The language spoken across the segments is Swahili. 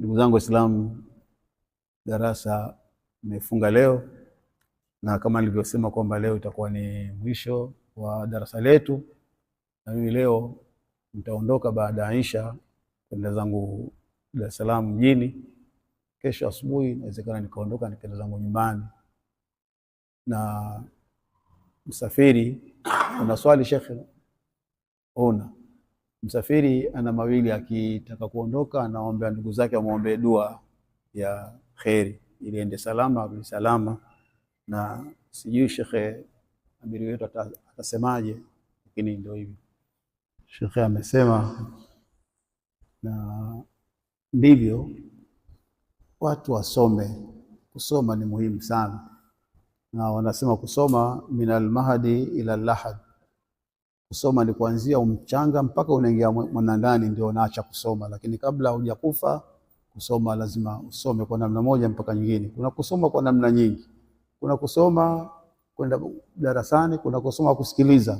Ndugu zangu Waislamu, darasa imefunga leo, na kama nilivyosema kwamba leo itakuwa ni mwisho wa darasa letu, na mimi leo nitaondoka baada ya Isha kwenda zangu Dar es Salaam mjini. Kesho asubuhi inawezekana nikaondoka nikaenda zangu nyumbani. Na msafiri, una swali shekhe? Una Msafiri ana mawili, akitaka kuondoka anaombea ndugu zake amwombee dua ya kheri ili ende salama arudi salama. Na sijui shekhe amiri wetu atasemaje, lakini ndio hivyo shekhe amesema, na ndivyo watu wasome. Kusoma ni muhimu sana, na wanasema kusoma minal almahadi ila lahad Kusoma ni kuanzia umchanga mpaka unaingia mwanandani, ndio unaacha kusoma. Lakini kabla hujakufa kusoma, lazima usome kwa namna moja mpaka nyingine. Kuna kusoma kwa namna nyingi, kuna kusoma kwenda darasani, kuna kusoma kusikiliza,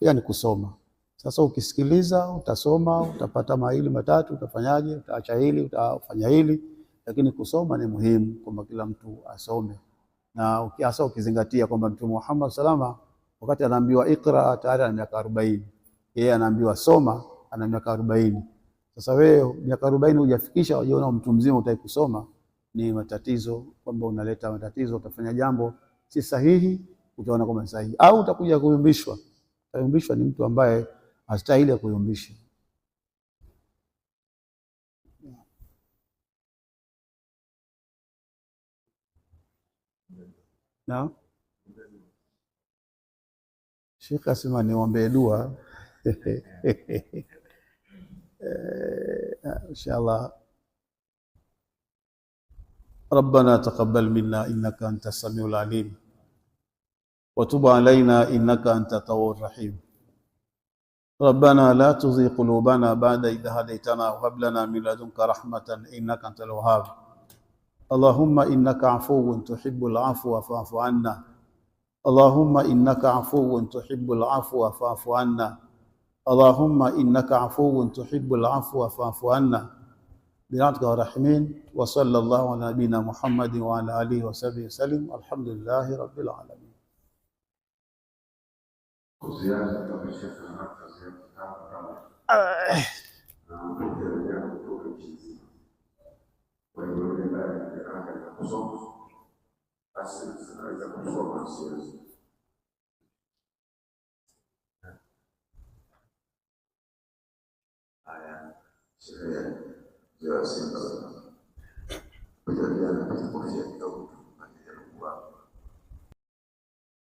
pia ni kusoma. Sasa ukisikiliza, utasoma, utapata maili matatu, utafanyaje? Utaacha hili, utafanya hili. Lakini kusoma ni muhimu, kwamba kila mtu asome, na hasa ukizingatia kwamba Mtume Muhammad salama Wakati anaambiwa ikra tayari ana miaka 40, yeye anaambiwa soma ana miaka 40. Sasa wewe miaka 40 hujafikisha, wajiona mtu mzima utaki kusoma, ni matatizo kwamba unaleta matatizo, utafanya jambo si sahihi, utaona kama ni sahihi au utakuja kuyumbishwa. Kuyumbishwa ni mtu ambaye hastahili ya kuyumbisha. Naam. Sheikh kasema niombee dua inshallah. Rabbana taqabbal minna innaka anta samiul alim wa tub alaina innaka anta tawwabur rahim. Rabbana la tuzigh qulubana ba'da idh hadaytana wa hab lana min ladunka rahmatan innaka antal wahhab. Allahumma innaka afuwwun tuhibbul afwa fa'fu anna اللهم إنك عفو تحب العفو فاعف عنا اللهم إنك عفو تحب العفو فاعف عنا برحمتك ورحمين وصلى الله على نبينا محمد وعلى آله وصحبه وسلم الحمد لله رب العالمين Ah, é. da consolação. Se vê, Deus sempre. Muito obrigado